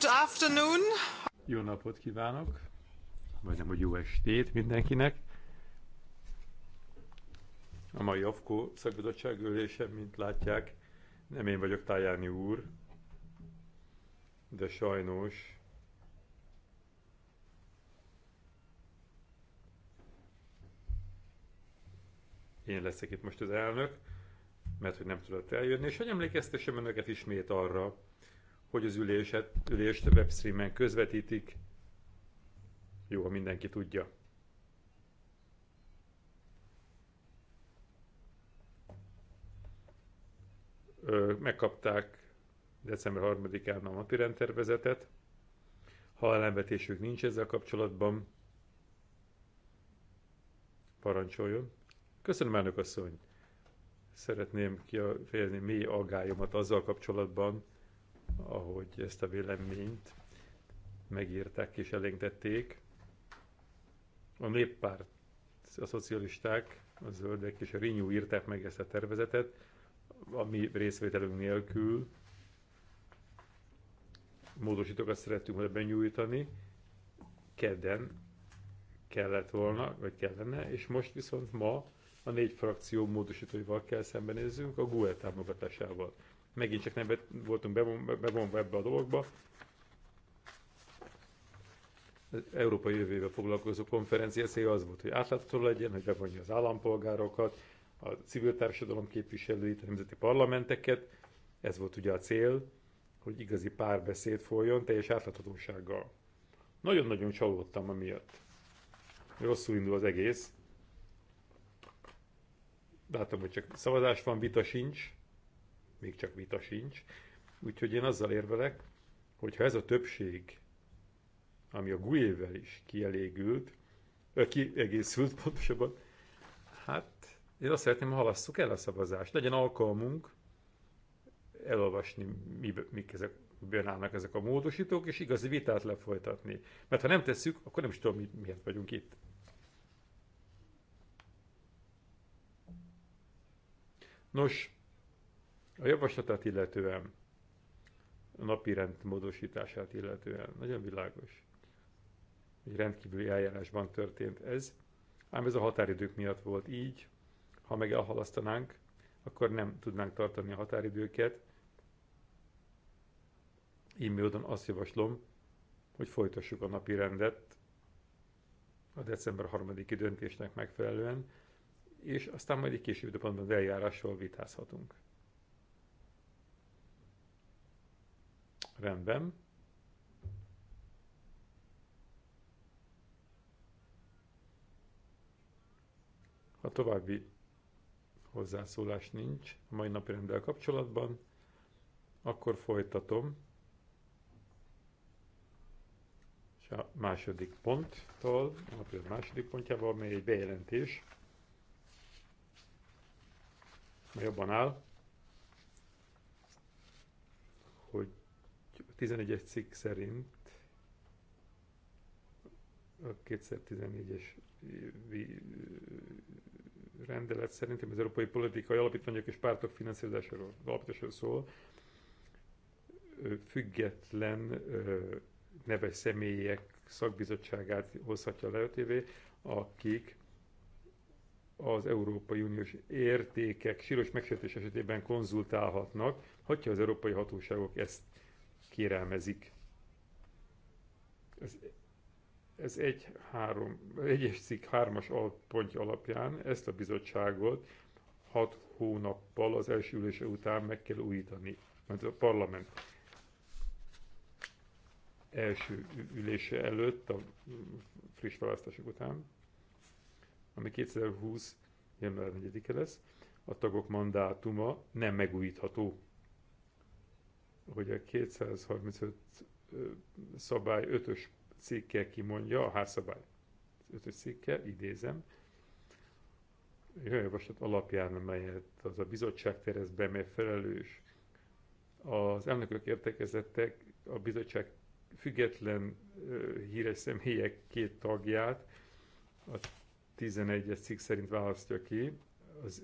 Good afternoon. Jó napot kívánok, vagy nem, hogy jó estét mindenkinek. A mai AFKO szakbizottság ülése, mint látják, nem én vagyok Tájáni úr, de sajnos én leszek itt most az elnök, mert hogy nem tudott eljönni, és hogy emlékeztessem önöket ismét arra, hogy az üléset, ülést webstreamen közvetítik. Jó, ha mindenki tudja. Ö, megkapták december 3-án a rendtervezetet. Ha ellenvetésük nincs ezzel kapcsolatban, parancsoljon. Köszönöm, elnök asszony! Szeretném kifejezni mély aggályomat azzal kapcsolatban, ahogy ezt a véleményt megírták és elengedték, A néppárt, a szocialisták, a zöldek és a Renew írták meg ezt a tervezetet, ami részvételünk nélkül módosítókat szerettünk volna benyújtani, kedden kellett volna, vagy kellene, és most viszont ma a négy frakció módosítóival kell szembenézzünk a GUE támogatásával megint csak nem voltunk bevonva ebbe a dologba. Az Európai Jövővel foglalkozó konferencia célja az volt, hogy átlátható legyen, hogy bevonja az állampolgárokat, a civil társadalom képviselőit, a nemzeti parlamenteket. Ez volt ugye a cél, hogy igazi párbeszéd folyjon teljes átláthatósággal. Nagyon-nagyon csalódtam amiatt. Rosszul indul az egész. Látom, hogy csak szavazás van, vita sincs még csak vita sincs. Úgyhogy én azzal érvelek, hogy ha ez a többség, ami a Guével is kielégült, kiegészült pontosabban, hát én azt szeretném, ha halasszuk el a szavazást. Legyen alkalmunk elolvasni, mi, mik ezek, miben állnak ezek a módosítók, és igazi vitát lefolytatni. Mert ha nem tesszük, akkor nem is tudom, mi, miért vagyunk itt. Nos, a javaslatát illetően, a napi rend módosítását illetően, nagyon világos, egy rendkívüli eljárásban történt ez, ám ez a határidők miatt volt így, ha meg elhalasztanánk, akkor nem tudnánk tartani a határidőket. Így módon azt javaslom, hogy folytassuk a napi rendet a december 3 döntésnek megfelelően, és aztán majd egy később időpontban az eljárásról vitázhatunk. Rendben. Ha további hozzászólás nincs a mai napi rendel kapcsolatban, akkor folytatom. És a második ponttól, a napi második pontjával, amely egy bejelentés, Ma jobban áll, hogy 11-es cikk szerint a 2014-es rendelet szerint, az európai politikai alapítványok és pártok finanszírozásáról alapításáról szól, független neves személyek szakbizottságát hozhatja lehetővé, akik az Európai Uniós értékek síros megsértés esetében konzultálhatnak, hogyha az európai hatóságok ezt kérelmezik. Ez, ez egy, három, egyes cikk hármas alpont alapján ezt a bizottságot hat hónappal az első ülése után meg kell újítani, mert a parlament első ülése előtt, a friss választások után, ami 2020. január 4-e lesz, a tagok mandátuma nem megújítható hogy a 235 szabály 5-ös cikke kimondja, a házszabály 5-ös cikke, idézem, olyan javaslat alapján, amelyet az a bizottság terez be, mely felelős az elnökök értekezettek a bizottság független híres személyek két tagját a 11-es cikk szerint választja ki, az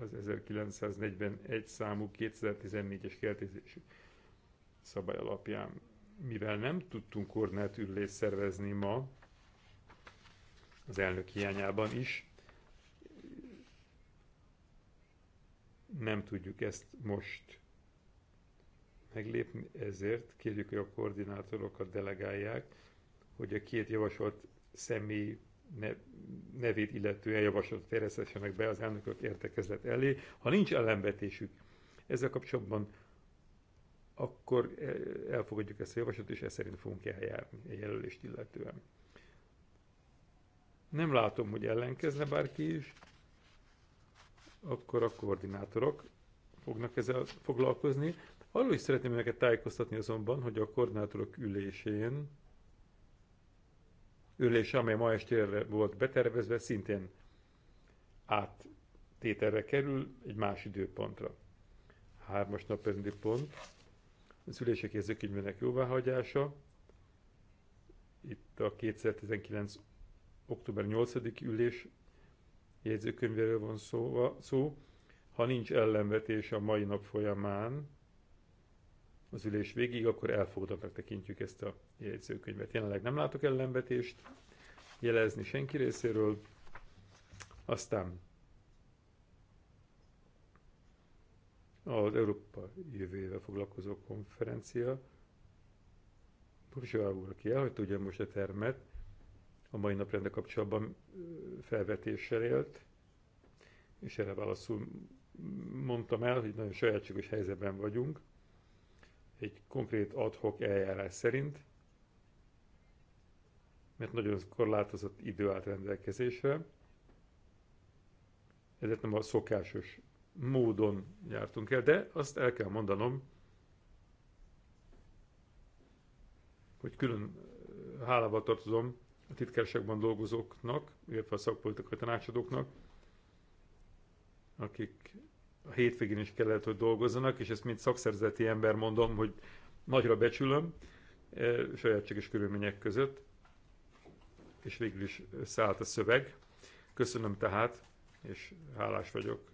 az 1941 számú 2014-es keltézésű szabály alapján. Mivel nem tudtunk koordinált ülést szervezni ma, az elnök hiányában is, nem tudjuk ezt most meglépni, ezért kérjük, hogy a koordinátorokat delegálják, hogy a két javasolt személy nevét illetően javaslatot terjesztessenek be az elnökök értekezlet elé. Ha nincs ellenvetésük ezzel kapcsolatban, akkor e, elfogadjuk ezt a javaslatot, és ezt szerint fogunk eljárni a jelölést illetően. Nem látom, hogy ellenkezne bárki is, akkor a koordinátorok fognak ezzel foglalkozni. Arról is szeretném önöket tájékoztatni azonban, hogy a koordinátorok ülésén Ülés, amely ma estére volt betervezve, szintén áttételre kerül egy más időpontra. Hármas napendi pont, az ülések érzőkönyvének jóváhagyása, itt a 2019. október 8. ülés jegyzőkönyvéről van szó, szóval, szó. Ha nincs ellenvetés a mai nap folyamán, az ülés végig, akkor elfogadottnak tekintjük ezt a jegyzőkönyvet. Jelenleg nem látok ellenvetést jelezni senki részéről. Aztán az Európa jövőjével foglalkozó konferencia. Burzsá úr, aki elhagyta ugye most a termet, a mai nap rende kapcsolatban felvetéssel élt, és erre válaszul mondtam el, hogy nagyon sajátságos helyzetben vagyunk, egy konkrét adhok eljárás szerint, mert nagyon korlátozott idő állt rendelkezésre, ezért nem a szokásos módon jártunk el, de azt el kell mondanom, hogy külön hálával tartozom a titkárságban dolgozóknak, illetve a szakpolitikai tanácsadóknak, akik a hétvégén is kellett, hogy dolgozzanak, és ezt mint szakszerzeti ember mondom, hogy nagyra becsülöm, e, sajátséges körülmények között, és végül is szállt a szöveg. Köszönöm tehát, és hálás vagyok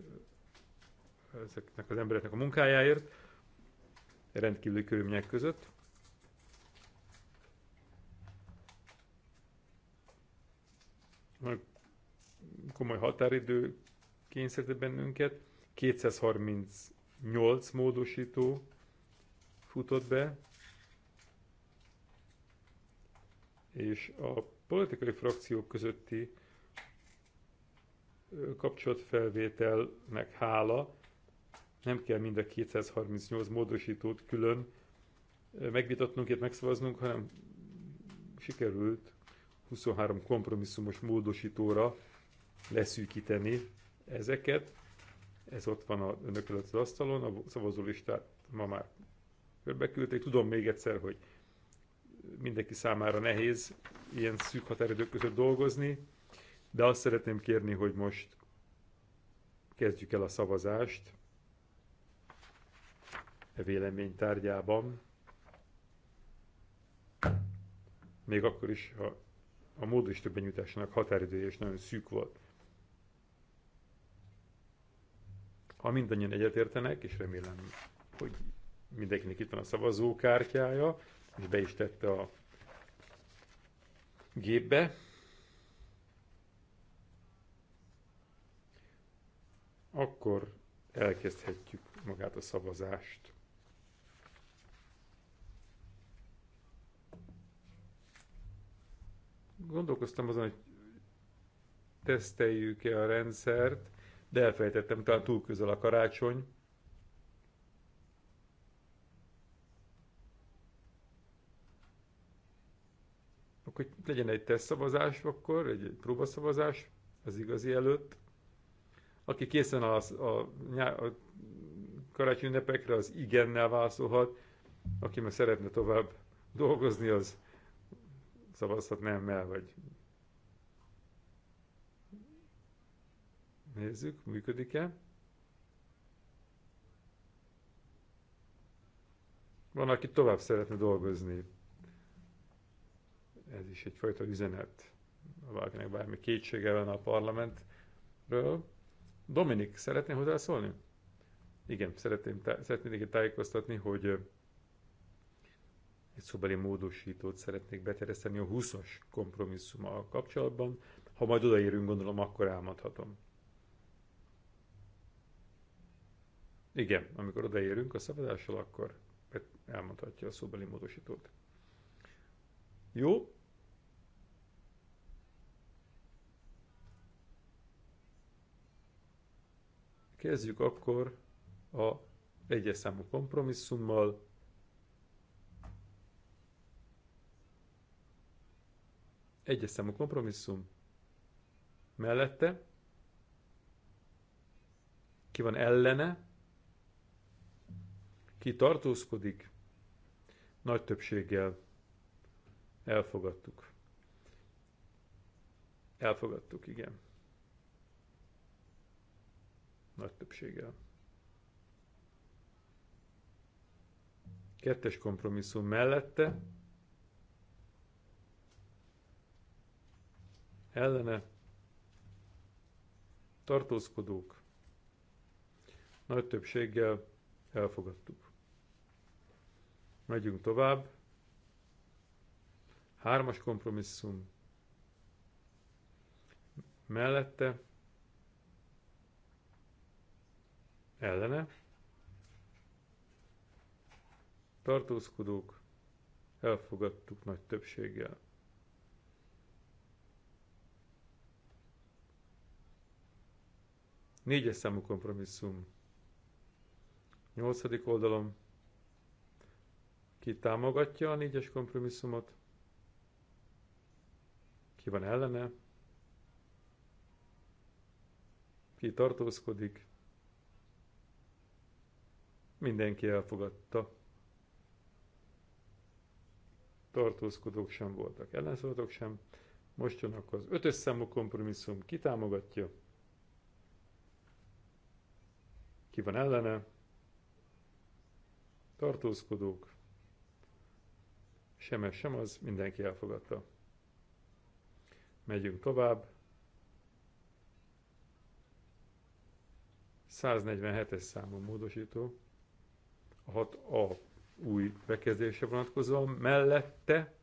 ezeknek az embereknek a munkájáért, rendkívüli körülmények között. Komoly határidő kényszerített bennünket. 238 módosító futott be, és a politikai frakciók közötti kapcsolatfelvételnek hála, nem kell mind a 238 módosítót külön megvitatnunk, itt megszavaznunk, hanem sikerült 23 kompromisszumos módosítóra leszűkíteni ezeket. Ez ott van a önök az asztalon, a szavazólistát ma már körbeküldték. Tudom még egyszer, hogy mindenki számára nehéz ilyen szűk határidők között dolgozni, de azt szeretném kérni, hogy most kezdjük el a szavazást e vélemény tárgyában. Még akkor is, ha a módosító benyújtásának határidője is nagyon szűk volt. Ha mindannyian egyetértenek, és remélem, hogy mindenkinek itt van a szavazókártyája, és be is tette a gépbe, akkor elkezdhetjük magát a szavazást. Gondolkoztam azon, hogy teszteljük-e a rendszert, de elfejtettem, talán túl közel a karácsony. Akkor legyen egy tesztszavazás, akkor egy próbaszavazás az igazi előtt. Aki készen áll a, a, a karácsony ünnepekre, az igennel válaszolhat. Aki meg szeretne tovább dolgozni, az szavazhat nemmel, vagy Nézzük, működik-e. Van, aki tovább szeretne dolgozni. Ez is egyfajta üzenet. Ha valakinek bármi kétsége van a parlamentről. Dominik, szeretném hozzászólni? Igen, szeretném, egy tájékoztatni, hogy egy szóbeli módosítót szeretnék betereszteni a 20-as kompromisszummal kapcsolatban. Ha majd odaérünk, gondolom, akkor elmondhatom. Igen, amikor odaérünk a szabadással, akkor elmondhatja a szóbeli módosítót. Jó. Kezdjük akkor a egyes számú kompromisszummal. Egyes számú kompromisszum mellette. Ki van ellene? ki tartózkodik, nagy többséggel elfogadtuk. Elfogadtuk, igen. Nagy többséggel. Kettes kompromisszum mellette, ellene tartózkodók nagy többséggel elfogadtuk. Megyünk tovább. Hármas kompromisszum. Mellette. Ellene. Tartózkodók. Elfogadtuk nagy többséggel. Négyes számú kompromisszum. Nyolcadik oldalom. Ki támogatja a négyes kompromisszumot? Ki van ellene? Ki tartózkodik? Mindenki elfogadta. Tartózkodók sem voltak, ellenszavatok sem. Most jön akkor az ötös számú kompromisszum, ki támogatja? Ki van ellene? Tartózkodók. Sem ez, sem az, mindenki elfogadta. Megyünk tovább. 147-es számú módosító, a 6A új bekezdése vonatkozóan, mellette,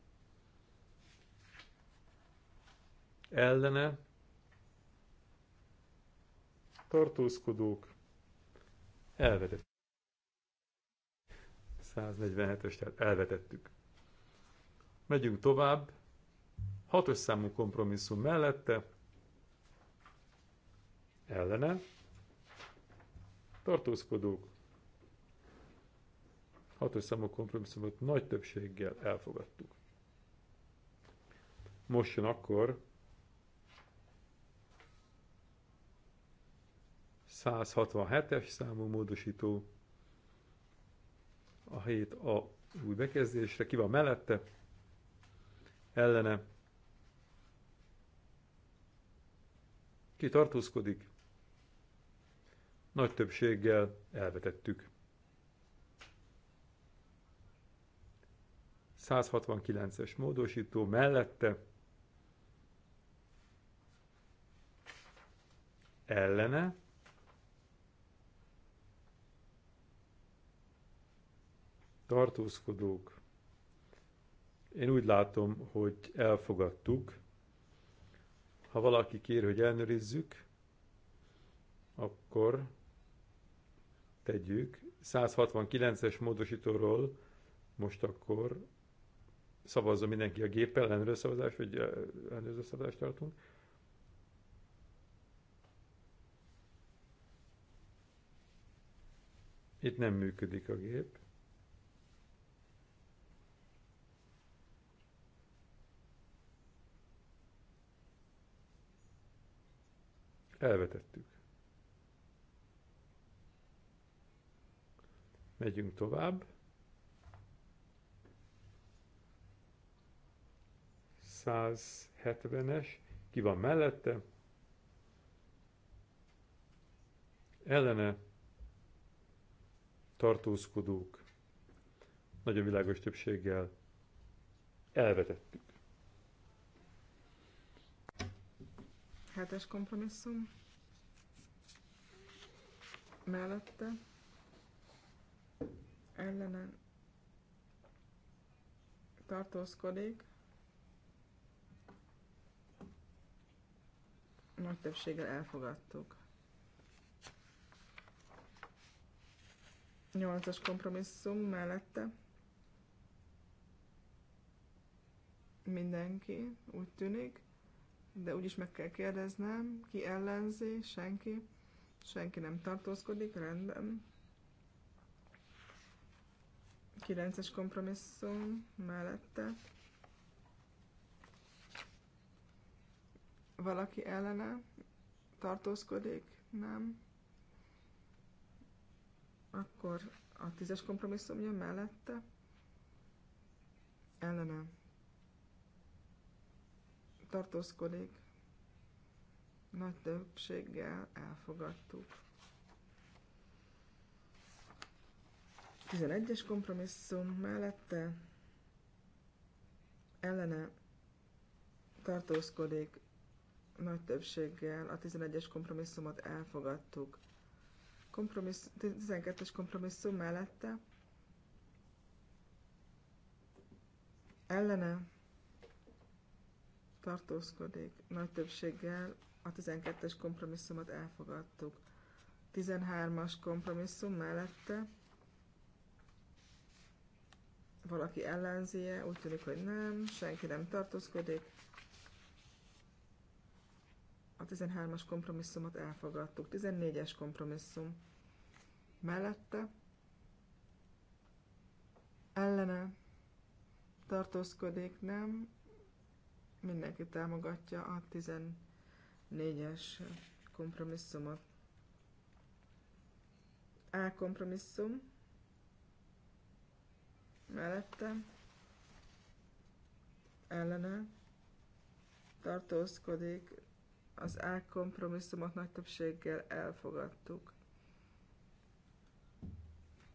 ellene, tartózkodók, elvetett. 147-es, tehát elvetettük. Megyünk tovább. Hatos számú kompromisszum mellette. Ellene. Tartózkodók. Hatos számú kompromisszumot nagy többséggel elfogadtuk. Most jön akkor 167-es számú módosító a 7 a új bekezdésre, ki van mellette, ellene. kitartózkodik, Nagy többséggel elvetettük. 169-es módosító mellette ellene tartózkodók én úgy látom, hogy elfogadtuk. Ha valaki kér, hogy elnőrizzük, akkor tegyük. 169-es módosítóról most akkor szavazza mindenki a géppel, ellenőrző szavazás, vagy ellenőrző szavazást tartunk. Itt nem működik a gép. Elvetettük. Megyünk tovább. 170-es, ki van mellette, ellene tartózkodók nagyon világos többséggel elvetettük. hetes kompromisszum mellette Ellene. tartózkodik, nagy többséggel elfogadtuk. Nyolcas kompromisszum mellette mindenki, úgy tűnik de úgyis meg kell kérdeznem, ki ellenzi, senki, senki nem tartózkodik, rendben. 9-es kompromisszum mellette. Valaki ellene tartózkodik, nem. Akkor a 10-es kompromisszum jön mellette. Ellenem tartózkodik. Nagy többséggel elfogadtuk. 11-es kompromisszum mellette ellene tartózkodik nagy többséggel a 11-es kompromisszumot elfogadtuk. Kompromissz, 12-es kompromisszum mellette ellene tartózkodik. Nagy többséggel a 12-es kompromisszumot elfogadtuk. 13-as kompromisszum mellette valaki ellenzie, úgy tűnik, hogy nem, senki nem tartózkodik. A 13-as kompromisszumot elfogadtuk. 14-es kompromisszum mellette ellene tartózkodik, nem, mindenki támogatja a 14-es kompromisszumot. A kompromisszum mellette ellene tartózkodik, az A kompromisszumot nagy többséggel elfogadtuk.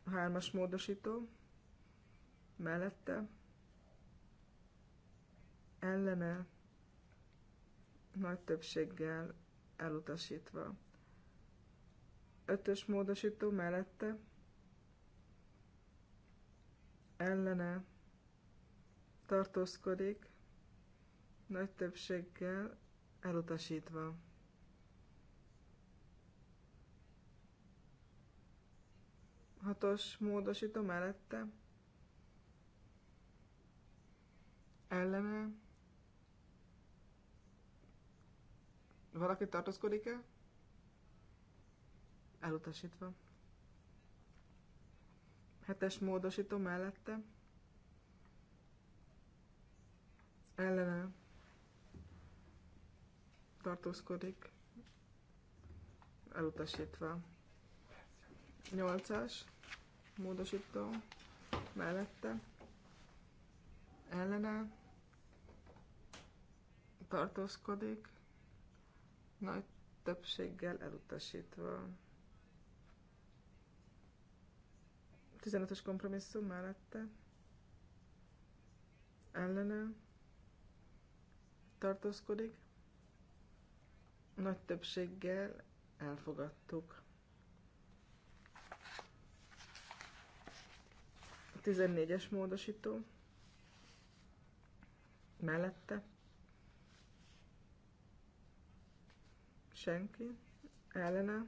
Hármas módosító mellette ellene nagy többséggel elutasítva. Ötös módosító mellette ellene tartózkodik, nagy többséggel elutasítva. Hatos módosító mellette ellene Valaki tartózkodik-e? Elutasítva. Hetes módosító mellette. Ellene. Tartózkodik. Elutasítva. Nyolcas módosító mellette. Ellene. Tartózkodik nagy többséggel elutasítva. 15-ös kompromisszum mellette ellene tartózkodik. Nagy többséggel elfogadtuk. 14-es módosító mellette senki, ellene,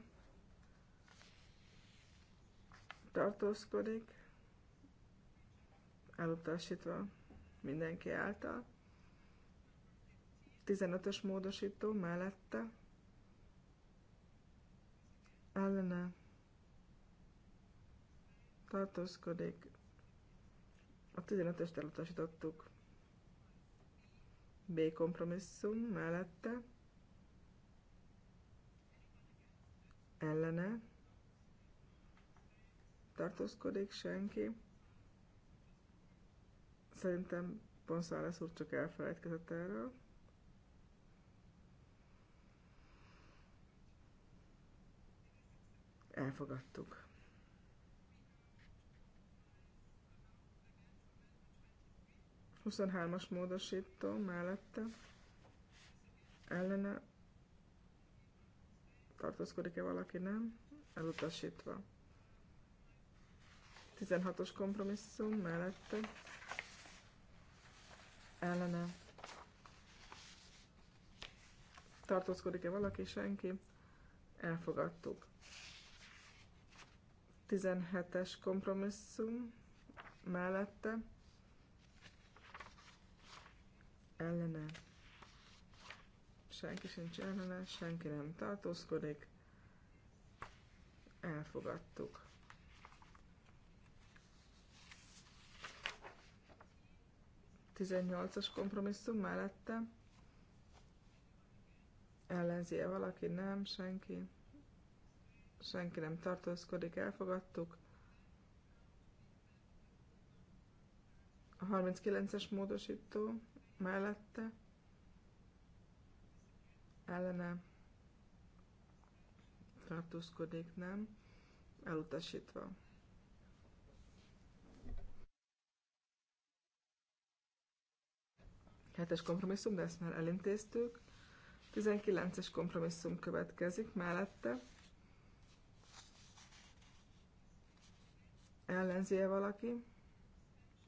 tartózkodik, elutasítva mindenki által. 15-ös módosító mellette, ellene, tartózkodik, a 15-öst elutasítottuk. B kompromisszum mellette, ellene tartózkodik senki. Szerintem Ponszáles úr csak elfelejtkezett erről. Elfogadtuk. Huszonhármas módosító mellette ellene tartózkodik-e valaki, nem? Elutasítva. 16-os kompromisszum mellette ellene tartózkodik-e valaki, senki, elfogadtuk. 17-es kompromisszum mellette ellene senki sincs ellene, senki nem tartózkodik. Elfogadtuk. Tizennyolcas kompromisszum mellette. ellenzi -e valaki? Nem, senki. Senki nem tartózkodik, elfogadtuk. A 39-es módosító mellette ellene tartózkodik, nem, elutasítva. Hetes kompromisszum, de ezt már elintéztük. 19-es kompromisszum következik mellette. ellenzi -e valaki?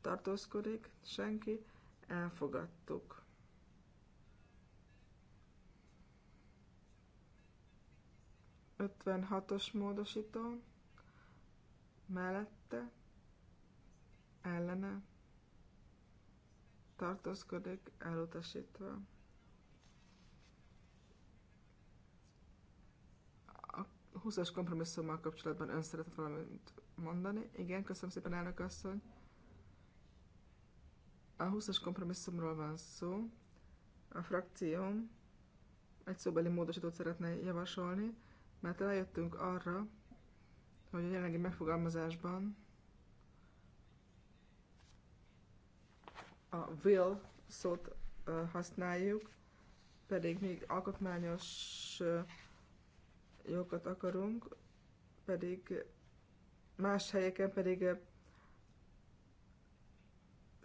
Tartózkodik? Senki? Elfogadtuk. 56-os módosító mellette ellene tartózkodik elutasítva. A 20-as kompromisszummal kapcsolatban ön szeretett valamit mondani. Igen, köszönöm szépen, elnök asszony. A 20-as kompromisszumról van szó. A frakcióm egy szóbeli módosítót szeretne javasolni mert rájöttünk arra, hogy a jelenlegi megfogalmazásban a will szót használjuk, pedig még alkotmányos jogokat akarunk, pedig más helyeken pedig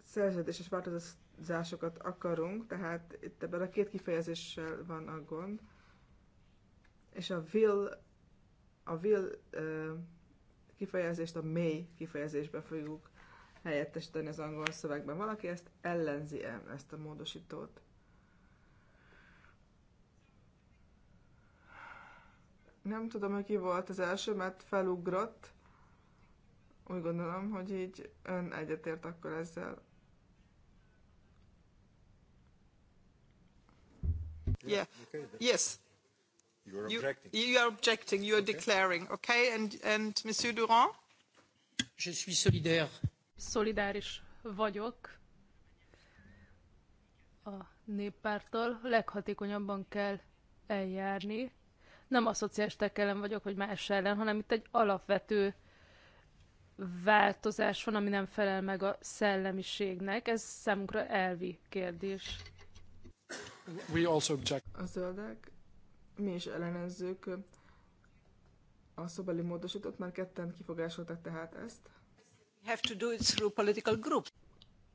szerződéses változásokat akarunk, tehát itt ebben a két kifejezéssel van a gond és a will, a will kifejezést a may kifejezésbe fogjuk helyettesíteni az angol szövegben. Valaki ezt ellenzi -e, ezt a módosítót? Nem tudom, hogy ki volt az első, mert felugrott. Úgy gondolom, hogy így ön egyetért akkor ezzel. Yeah. Yes. You are objecting. You, you are objecting. You are okay. declaring. Okay. And and Monsieur Durand. Je suis solidaire. Szolidáris vagyok. A néppártól leghatékonyabban kell eljárni. Nem a szociálisták ellen vagyok, hogy más ellen, hanem itt egy alapvető változás van, ami nem felel meg a szellemiségnek. Ez számunkra elvi kérdés. We also object. A zöldek mi is ellenezzük a szobeli módosított már ketten kifogásoltak tehát ezt. Have to do it through political groups.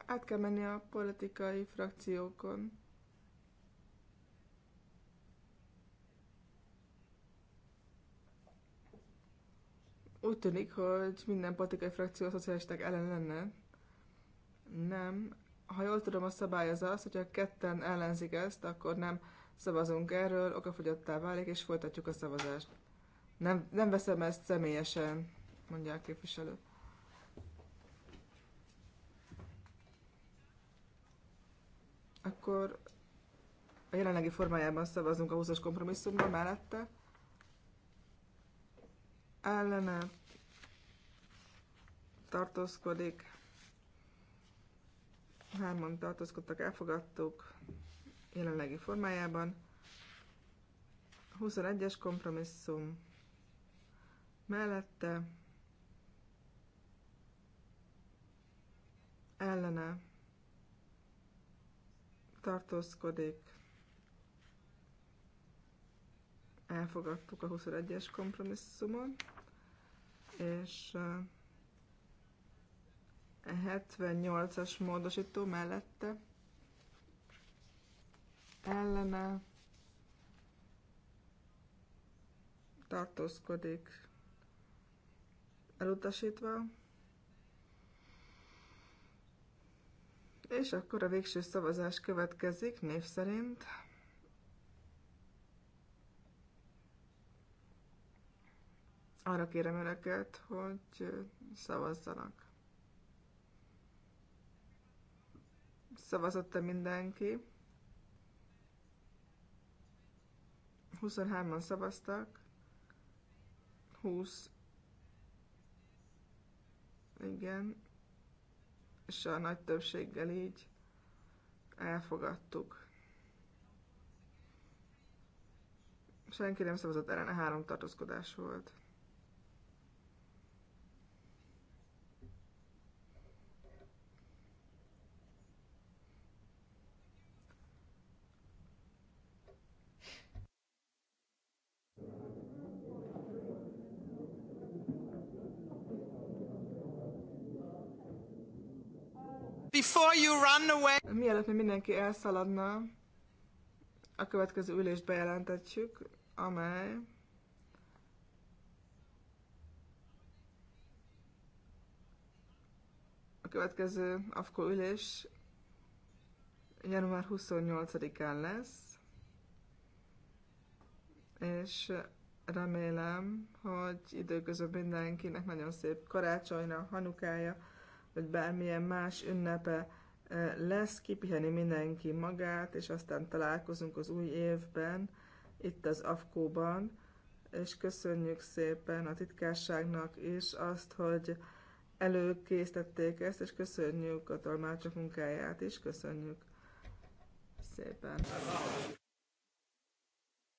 Át kell menni a politikai frakciókon. Úgy tűnik, hogy minden politikai frakció a szocialisták ellen lenne. Nem. Ha jól tudom, a szabály az az, hogyha ketten ellenzik ezt, akkor nem Szavazunk erről, okafogyottá válik, és folytatjuk a szavazást. Nem, nem veszem ezt személyesen, mondja a képviselő. Akkor a jelenlegi formájában szavazunk a 20-as kompromisszumban mellette. Ellene tartózkodik. Hárman tartózkodtak, elfogadtuk jelenlegi formájában. 21-es kompromisszum mellette ellene tartózkodik. Elfogadtuk a 21-es kompromisszumot, és a 78-as módosító mellette ellene tartózkodik elutasítva. És akkor a végső szavazás következik név szerint. Arra kérem önöket, hogy szavazzanak. Szavazott-e mindenki? 23-an szavaztak, 20, igen, és a nagy többséggel így elfogadtuk. Senki nem szavazott ellene, három tartózkodás volt. Before you run away. Mielőtt mindenki elszaladna, a következő ülést bejelentetjük, amely a következő AFKO ülés január 28-án lesz, és remélem, hogy időközben mindenkinek nagyon szép karácsonyra, hanukája, vagy bármilyen más ünnepe eh, lesz, kipiheni mindenki magát, és aztán találkozunk az új évben, itt az Afkóban, és köszönjük szépen a titkárságnak is azt, hogy előkészítették ezt, és köszönjük a tolmácsok munkáját is, köszönjük szépen.